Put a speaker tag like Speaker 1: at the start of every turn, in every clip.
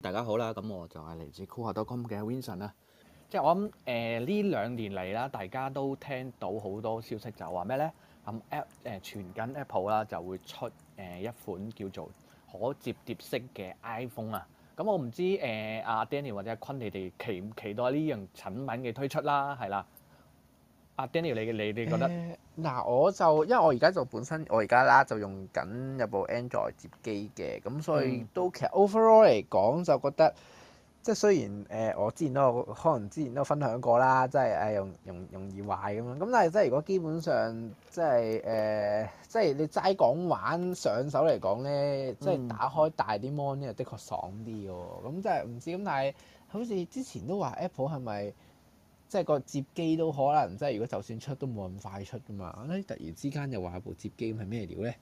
Speaker 1: 大家好啦，咁我就係嚟自酷客 .com 嘅 Vincent 啦。即係我諗誒呢兩年嚟啦，大家都聽到好多消息就話咩咧？咁、呃、App 誒傳緊 Apple 啦、呃，App le, 就會出誒一款叫做可折疊式嘅 iPhone 啊。咁、嗯、我唔知誒阿、呃、Danny 或者阿坤你哋期唔期待呢樣產品嘅推出啦，係啦。阿 Daniel，你嘅你你覺
Speaker 2: 得？嗱、呃，我就因為我而家就本身我而家啦，就用緊有部 Android 摺機嘅，咁所以都其實、嗯、overall 嚟講就覺得，即係雖然誒、呃、我之前都有，可能之前都有分享過啦，即係誒容容容易壞咁樣，咁但係即係如果基本上即係誒，即係、呃、你齋講玩上手嚟講咧，嗯、即係打開大啲 mon 咧，的確爽啲喎、哦，咁即係唔知咁，但係好似之前都話 Apple 係咪？即係個摺機都可能，即係如果就算出都冇咁快出㗎嘛。咧、哎、突然之間又話部摺機咁係
Speaker 1: 咩料咧？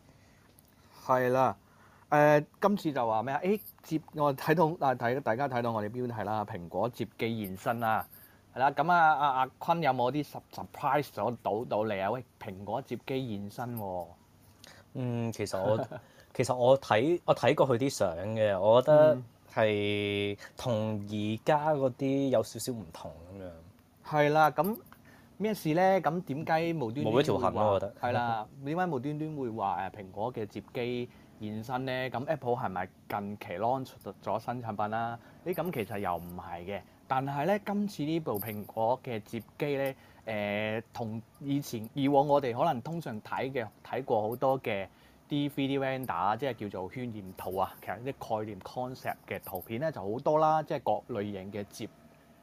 Speaker 1: 係啦，誒、呃、今次就話咩？誒、欸、接我睇到啊，睇大家睇到我哋標題啦，蘋果摺機現身啦，係啦。咁啊啊阿坤有冇啲 surprise 咗到到嚟啊？喂，蘋果摺機現身喎。嗯，其實我 其實我睇我睇過佢啲相嘅，我覺得係同而家嗰啲有少少唔同咁樣。係啦，咁咩事呢？咁點解無端端會話係啦？點解無端端會話誒蘋果嘅摺機現身呢？咁 Apple 係咪近期 launch 咗新產品啦？咦，咁其實又唔係嘅。但係呢，今次呢部蘋果嘅摺機呢，誒、呃、同以前以往我哋可能通常睇嘅睇過好多嘅啲 3D render 即係叫做渲染圖啊，其實啲概念 concept 嘅圖片呢就好多啦，即係各類型嘅摺。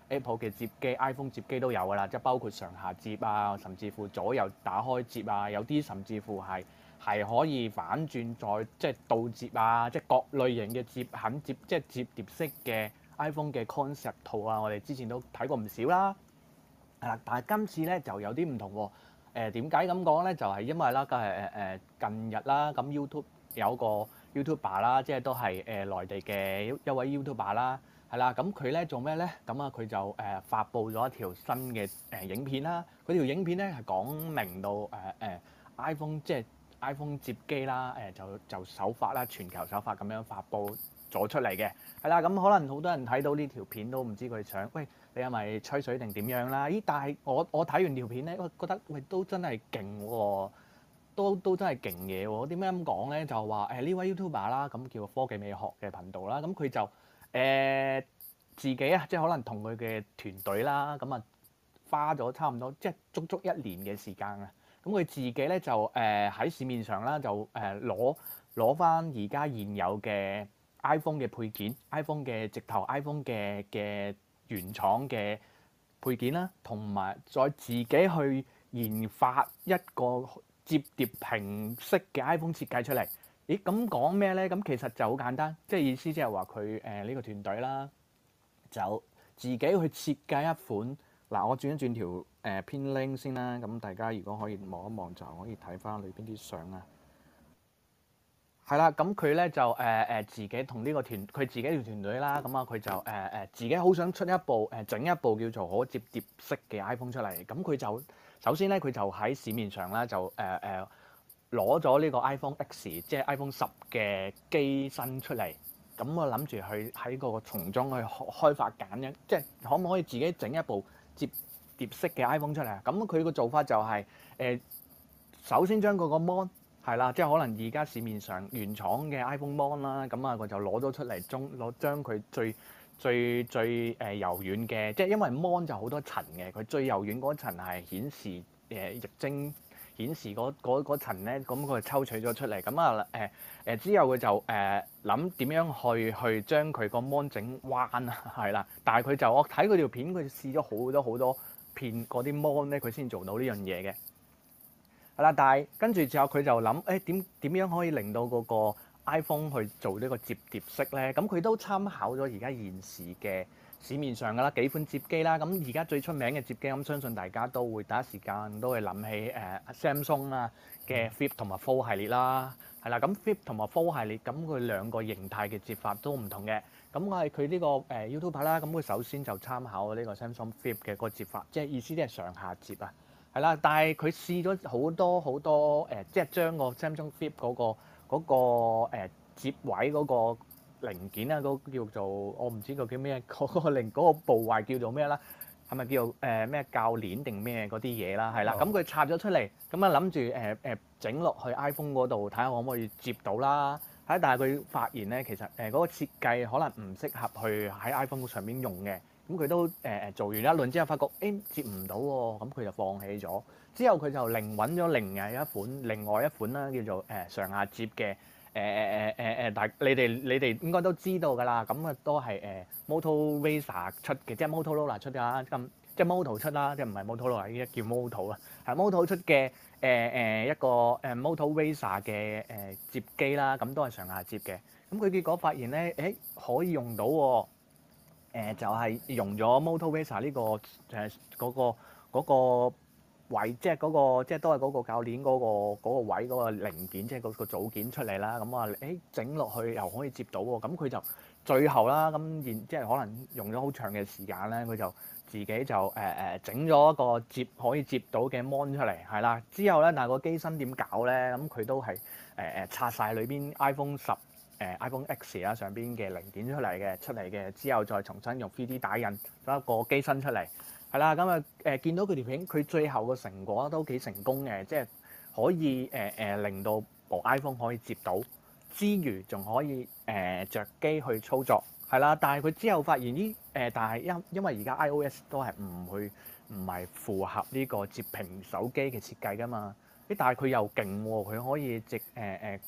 Speaker 1: Apple 嘅摺機 iPhone 摺機都有㗎啦，即係包括上下摺啊，甚至乎左右打開摺啊，有啲甚至乎係係可以反轉再即係倒折啊，即係各類型嘅摺，肯折即係折疊式嘅 iPhone 嘅 concept 圖啊，我哋之前都睇過唔少啦。係啦，但係今次咧就有啲唔同喎、啊。誒點解咁講咧？就係、是、因為啦，誒誒、呃、近日啦，咁 YouTube 有個 YouTuber 啦，即係都係誒內地嘅一,一位 YouTuber 啦。係啦，咁佢咧做咩咧？咁啊，佢就誒發布咗一條新嘅誒、呃、影片啦。嗰條影片咧係講明到誒誒、呃呃、iPhone 即係 iPhone 摺機啦，誒、呃、就就首發啦，全球首發咁樣發布咗出嚟嘅。係、嗯、啦，咁、嗯、可能好多人睇到呢條片都唔知佢想喂你係咪吹水定點樣啦？咦，但係我我睇完條片咧，我覺得喂都真係勁喎，都都真係勁嘢喎。點解咁講咧？就話誒呢位 YouTuber 啦，咁叫科技美學嘅頻道啦，咁、嗯、佢就。誒、呃、自己啊，即係可能同佢嘅團隊啦，咁啊花咗差唔多即係足足一年嘅時間啊。咁佢自己咧就誒喺、呃、市面上啦，就誒攞攞翻而家現有嘅 iPhone 嘅配件、 iPhone 嘅直頭、iPhone 嘅嘅原廠嘅配件啦，同埋再自己去研發一個摺疊屏式嘅 iPhone 設計出嚟。咦咁講咩咧？咁其實就好簡單，即係意思即係話佢誒呢個團隊啦，就自己去設計一款嗱，我轉一轉條誒、呃、編 link 先啦。咁大家如果可以望一望就可以睇翻裏邊啲相啊。係啦，咁佢咧就誒誒、呃呃、自己同呢個團佢自己條團隊啦。咁啊，佢就誒誒自己好想出一部誒、呃、整一部叫做可摺疊式嘅 iPhone 出嚟。咁佢就首先咧，佢就喺市面上啦，就誒誒。呃呃攞咗呢個 iPhone X，即係 iPhone 十嘅機身出嚟，咁我諗住去喺個從中去開開發簡一，即係可唔可以自己整一部摺疊式嘅 iPhone 出嚟啊？咁佢個做法就係、是、誒、呃，首先將嗰個 mon 係啦，即係可能而家市面上原廠嘅 iPhone mon 啦，咁啊我就攞咗出嚟，將攞將佢最最最誒柔軟嘅，即係因為 mon 就好多層嘅，佢最柔軟嗰層係顯示誒、呃、液晶。顯示嗰層咧，咁佢就抽取咗出嚟，咁啊，誒誒之後佢就誒諗點樣去去將佢個 mon 整彎啊，係、嗯、啦，但係佢就我睇佢條片，佢試咗好多好多片嗰啲 mon 咧，佢先做到呢樣嘢嘅係啦。但係跟住之後佢就諗誒點點樣可以令到嗰個 iPhone 去做呢個摺疊式咧？咁佢都參考咗而家現時嘅。市面上噶啦幾款摺機啦，咁而家最出名嘅摺機咁，相信大家都會第一時間都會諗起誒 Samsung 啊嘅 Flip 同埋 Fold 系列啦，係啦，咁 Flip 同埋 Fold 系列咁佢兩個形態嘅摺法都唔同嘅，咁我係佢呢個誒 YouTuber 啦，咁佢首先就參考呢個 Samsung Flip 嘅個摺法，即係意思即係上下摺啊，係啦，但係佢試咗好多好多誒，即係將個 Samsung Flip 嗰個嗰個誒摺位嗰個零件啊，嗰、那個、叫做我唔知個叫咩，嗰、那個零嗰、那個部位叫做咩啦？係咪叫做誒咩鉸鏈定咩嗰啲嘢啦？係啦，咁佢拆咗出嚟，咁啊諗住誒誒整落去 iPhone 嗰度睇下可唔可以接到啦？係，但係佢發現咧，其實誒嗰個設計可能唔適合去喺 iPhone 上面用嘅。咁佢都誒誒、呃、做完一輪之後，發覺誒、欸、接唔到喎、啊，咁佢就放棄咗。之後佢就另揾咗另外一款，另外一款啦，叫做誒上、呃、下接嘅。誒誒誒誒誒，大、呃呃呃呃、你哋你哋應該都知道㗎啦，咁啊都係誒 Motorola 出嘅，即係 Motorola 出啦，咁即係 Moto 出啦，即係唔係 Motorola 呢？叫 Moto 啦。啊，Moto 出嘅誒誒一個誒 Motorola 嘅誒摺機啦，咁都係上下摺嘅，咁佢結果發現咧，誒可以用到喎、呃，就係、是、用咗 Motorola 呢、這個誒嗰個嗰個，呃那個那個維接嗰個，即係都係嗰個教練嗰、嗰個嗰個位嗰個零件，即係嗰個組件出嚟啦。咁、嗯、啊，誒整落去又可以接到喎。咁、嗯、佢就最後啦。咁、嗯、現即係可能用咗好長嘅時間咧，佢就自己就誒誒整咗一個接可以接到嘅 mon 出嚟，係啦。之後咧，但係個機身點搞咧？咁佢都係誒誒拆晒裏邊 iPhone 十誒、呃、iPhone X 啦上邊嘅零件出嚟嘅，出嚟嘅。之後再重新用 3D 打印咗一個機身出嚟。係啦，咁啊，誒見到佢條片，佢最後個成果都幾成功嘅，即係可以誒誒、呃、令到部 iPhone 可以摺到，之餘仲可以誒著機去操作，係啦。但係佢之後發現呢誒，但係因因為而家 iOS 都係唔去唔係符合呢個摺屏手機嘅設計㗎嘛。啲但係佢又勁喎，佢可以直誒誒、呃呃、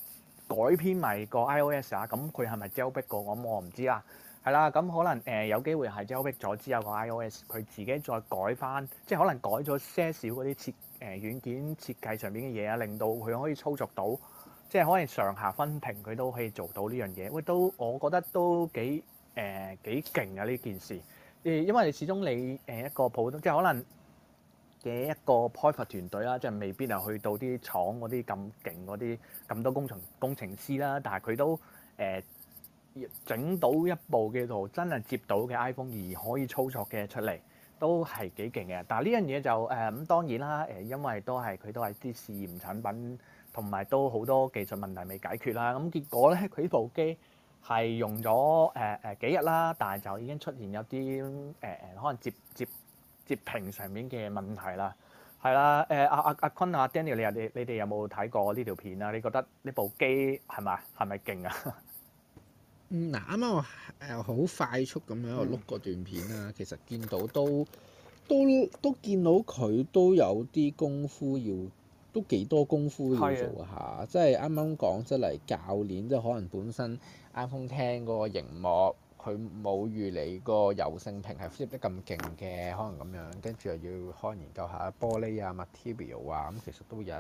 Speaker 1: 改編埋個 iOS 啊。咁佢係咪 Joe 周逼過我、嗯？我唔知啊。係啦，咁、嗯、可能誒、呃、有機會係即 a 咗之後個 iOS 佢自己再改翻，即係可能改咗些少嗰啲設誒、呃、軟件設計上面嘅嘢啊，令到佢可以操作到，即係可能上下分屏佢都可以做到呢樣嘢。喂，都我覺得都幾誒、呃、幾勁啊呢件事。誒、呃，因為始終你誒、呃、一個普通，即係可能嘅一個開發團隊啦、啊，即係未必啊去到啲廠嗰啲咁勁嗰啲咁多工程工程師啦、啊，但係佢都誒。呃整到一部嘅圖真係摺到嘅 iPhone 二可以操作嘅出嚟，都係幾勁嘅。但係呢樣嘢就誒咁、呃、當然啦，誒因為都係佢都係啲試驗產品，同埋都好多技術問題未解決啦。咁、嗯、結果咧，佢部機係用咗誒誒幾日啦，但係就已經出現有啲誒誒可能摺摺摺屏上面嘅問題啦。係啦，誒阿阿阿坤啊，啊，啊 Daniel，你啊你你哋有冇睇過呢條片啊？你覺得呢部機係咪係咪勁啊？
Speaker 2: 啊剛剛呃、嗯，嗱，啱啱我誒好快速咁樣喺度碌個段片啦，其實見到都都都見到佢都有啲功夫要，都幾多功夫要做下，的即係啱啱講出嚟，教練即係可能本身 iPhone 聽嗰個熒幕，佢冇預你個柔性屏係貼得咁勁嘅，可能咁樣，跟住又要可能研究下玻璃啊、material 啊，咁其實都有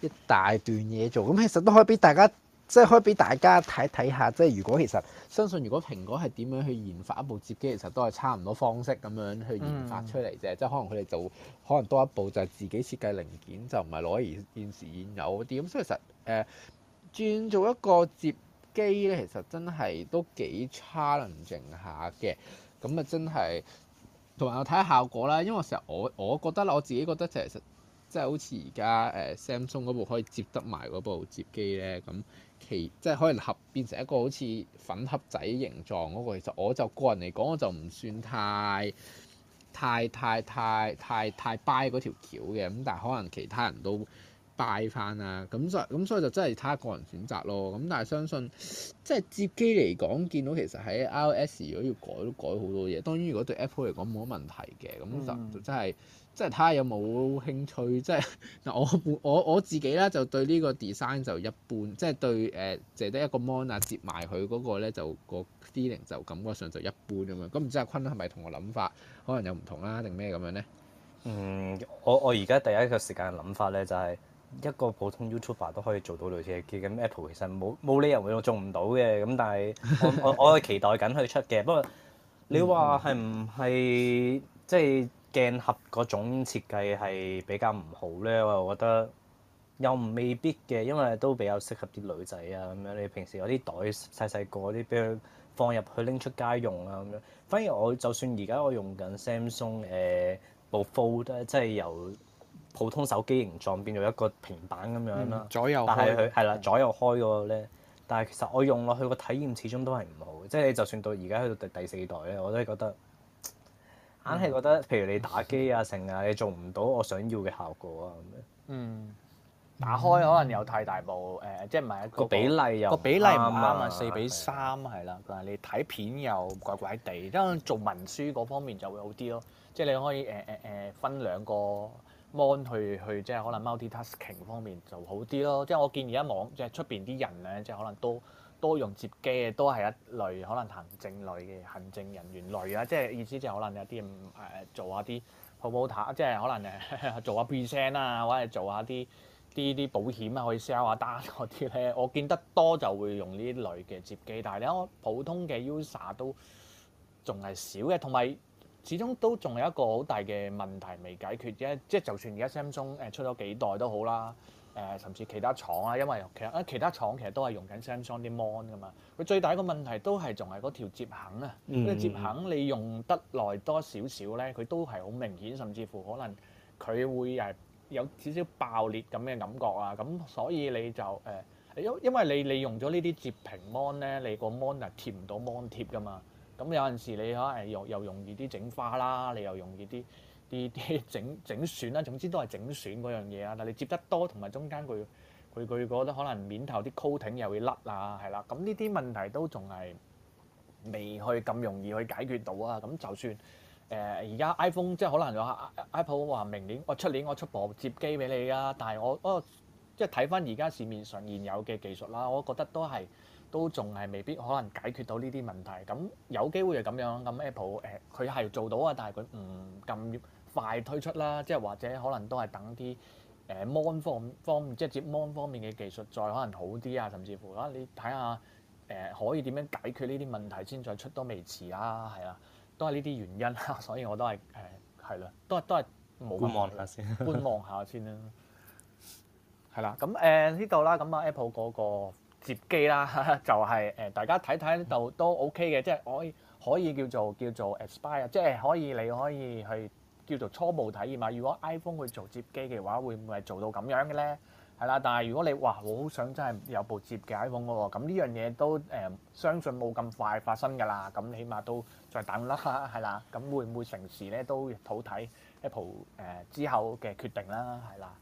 Speaker 2: 一,一大段嘢做，咁其實都可以俾大家。即係可以俾大家睇睇下，即係如果其實相信，如果蘋果係點樣去研發一部摺機，其實都係差唔多方式咁樣去研發出嚟啫。嗯、即係可能佢哋就可能多一步，就係自己設計零件，就唔係攞現現時現有嗰啲。咁所以其實誒、呃，轉做一個摺機咧，其實真係都幾 challenge 下嘅。咁啊，真係同埋我睇下效果啦。因為成日我實我，我覺得我自己覺得其實即係好似而家誒 Samsung 嗰部可以摺得埋嗰部摺機咧，咁。其即係可能合變成一個好似粉盒仔形狀嗰，嗰個，其實我就個人嚟講，我就唔算太，太，太，太，太條條條，太 buy 嗰條橋嘅，咁但係可能其他人都。拜翻啊！咁所以咁所以就真係睇下個人選擇咯。咁但係相信即係摺機嚟講，見到其實喺 iOS 如果要改都改好多嘢。當然，如果對 Apple 嚟講冇乜問題嘅，咁就，就真係即係睇下有冇興趣。即係嗱，我我我自己咧就對呢個 design 就一般，即係對誒淨得一個 mon 啊，摺埋佢嗰個咧就個 feeling 就感覺上就一般咁樣。咁唔知阿坤係咪同我諗法，可能有唔同啊，定咩咁樣咧？嗯，
Speaker 1: 我我而家第一個時間嘅諗法咧就係、是。一個普通 YouTuber 都可以做到類似嘅咁，Apple 其實冇冇理由會做唔到嘅。咁但係我我我期待緊佢出嘅。不過你話係唔係即係鏡盒嗰種設計係比較唔好咧？我又覺得又唔未必嘅，因為都比較適合啲女仔啊。咁樣你平時有啲袋細細個啲，俾佢放入去拎出街用啊。咁樣反而我就算而家我用緊 Samsung 誒、呃、部 Fold 即係由。普通手機形狀變咗一個平板咁樣啦，左右，但係佢係啦，左右開嗰個咧。但係、嗯、其實我用落去個體驗始終都係唔好，即係你就算到而家去到第第四代咧，我都係覺得硬係、嗯、覺得，譬如你打機啊，成啊、嗯，你做唔到我想要嘅效果啊咁樣。嗯，打開可能又太大部誒、呃，即係唔係一個，個比例又、啊、個比例唔啱啊，四比三係啦，但係你睇片又怪怪地。因為做文書嗰方面就會好啲咯，即係你可以誒誒誒分兩個。Mon 去去即係可能 multi-tasking 方面就好啲咯，即係我見而家網即係出邊啲人咧，即係可能多多用接機都係一類可能行政類嘅行政人員類啊。即係意思即就可能有啲誒做下啲 reporter 即係可能誒做下 present 啊或者做下啲啲啲保險啊可以 sell 下單嗰啲咧，我見得多就會用呢類嘅接機，但係你睇普通嘅 user 都仲係少嘅，同埋。始終都仲有一個好大嘅問題未解決啫，即係就算而家 Samsung 誒、呃、出咗幾代都好啦，誒、呃、甚至其他廠啊，因為其實啊其他廠其實都係用緊 Samsung 啲 mon 噶嘛，佢最大一個問題都係仲係嗰條摺痕啊，嗰條、嗯、摺痕你用得耐多少少咧，佢都係好明顯，甚至乎可能佢會誒有少少爆裂咁嘅感覺啊，咁所以你就誒因、呃、因為你你用咗呢啲摺屏 mon 咧，你個 mon 啊貼唔到 mon 貼噶嘛。咁有陣時你嚇誒又又容易啲整花啦，你又容易啲啲整整，整損啦，總之都係整損嗰樣嘢啊！但係你摺得多同埋中間佢佢佢覺得可能面頭啲 coating 又會甩啊，係啦，咁呢啲問題都仲係未去咁容易去解決到啊！咁就算誒而家 iPhone 即係可能有 Apple 話明、哦、明年我出年我出部摺機俾你啊，但係我哦即係睇翻而家市面上現有嘅技術啦，我覺得都係。都仲係未必可能解決到呢啲問題，咁有機會就咁樣。咁 Apple 誒、呃、佢係做到啊，但係佢唔咁快推出啦，即係或者可能都係等啲誒 mon 方方，即係接 mon 方面嘅技術再可能好啲啊，甚至乎啊，你睇下誒可以點樣解決呢啲問題先再出都未遲啊，係啦，都係呢啲原因啦、啊，所以我都係誒係啦，都係都係冇觀望下先，觀望下先啦，係啦，咁誒呢度啦，咁啊 Apple 嗰、那個。接機啦，就係誒，大家睇睇呢度都 OK 嘅，即係可以可以叫做叫做 aspire，即係可以你可以去叫做初步體驗啊。如果 iPhone 去做接機嘅話，會唔會做到咁樣嘅咧？係啦，但係如果你話我好想真係有部接嘅 iPhone 喎，咁呢樣嘢都誒，相信冇咁快發生㗎啦。咁起碼都再等啦，係啦。咁會唔會成時咧都好睇 Apple 誒之後嘅決定啦？係啦。